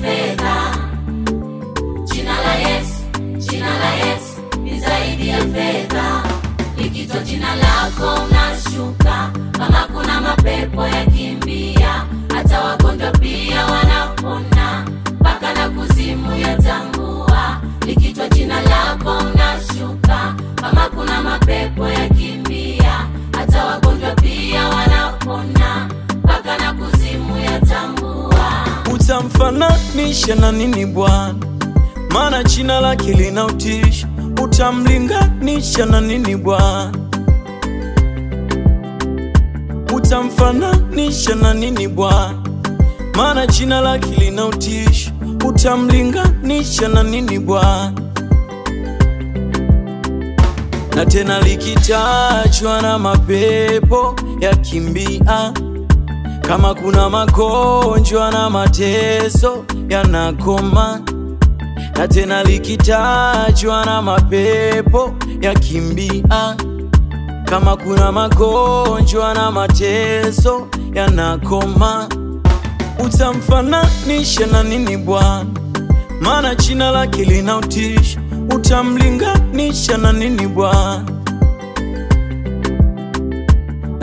fedha. Jina la Yesu, jina la Yesu ni zaidi ya fedha. Likitwa jina lako unashuka, kama kuna mapepo ya yakimbia Utamfananisha na nini Bwana? Maana jina lake linautisha. Utamlinganisha na nini Bwana? Utamfananisha na nini Bwana? Maana jina lake linautisha. Utamlinganisha na nini Bwana? Na tena likitajwa na mapepo yakimbia kama kuna magonjwa na mateso yanakoma, na tena likitajwa na mapepo yakimbia. Kama kuna magonjwa na mateso yanakoma, utamfananisha na nini Bwana? Maana jina lake linautisha. Utamlinganisha na nini Bwana?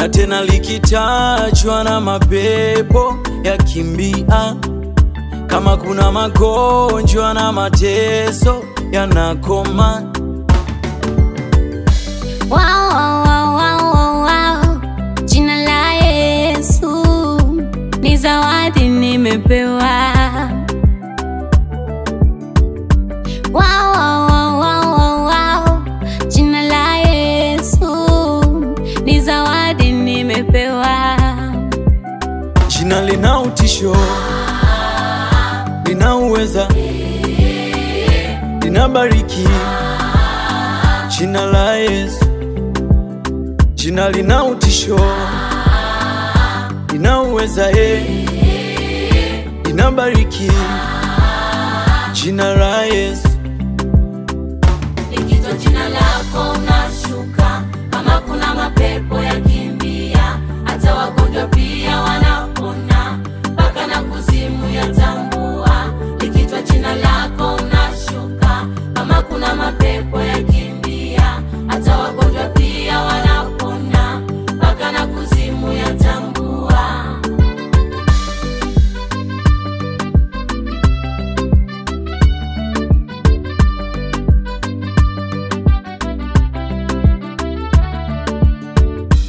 tena likitachwa na mapepo ya kimbia, kama kuna magonjwa na mateso yanakoma wow. Jina lina utisho, lina uweza, lina bariki. Jina la Yesu, jina lina utisho, lina uweza, eh. lina bariki. Jina la Yesu lako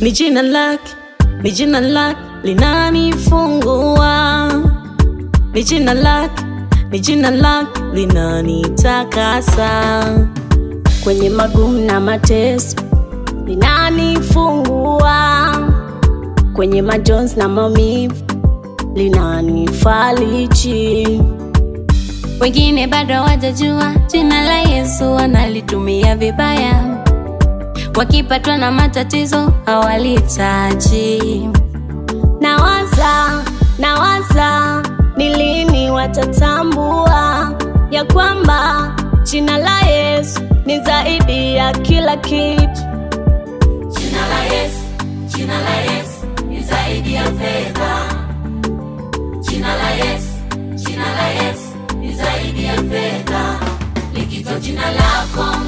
Ni jina lake, ni jina lake linanifungua, ni jina lake, ni jina lake linanitakasa kwenye magumu na mateso, linanifungua kwenye majonzi na maumivu, linanifariji. Wengine bado hawajajua jina la Yesu wanalitumia vibaya wakipatwa na matatizo hawalitaji. Nawaza, nawaza ni lini watatambua ya kwamba jina la Yesu ni zaidi ya kila kitu. Jina la Yesu, jina la Yesu ni zaidi ya fedha. Jina la Yesu, jina la Yesu ni zaidi ya fedha. Likito jina lako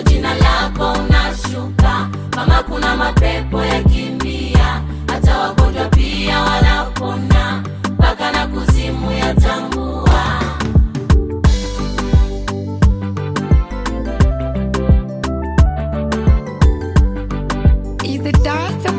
ukiitwa jina lako unashuka. mama kuna mapepo kimbia, hata wagonjwa pia wanapona, mpaka na kuzimu yatangua. Is it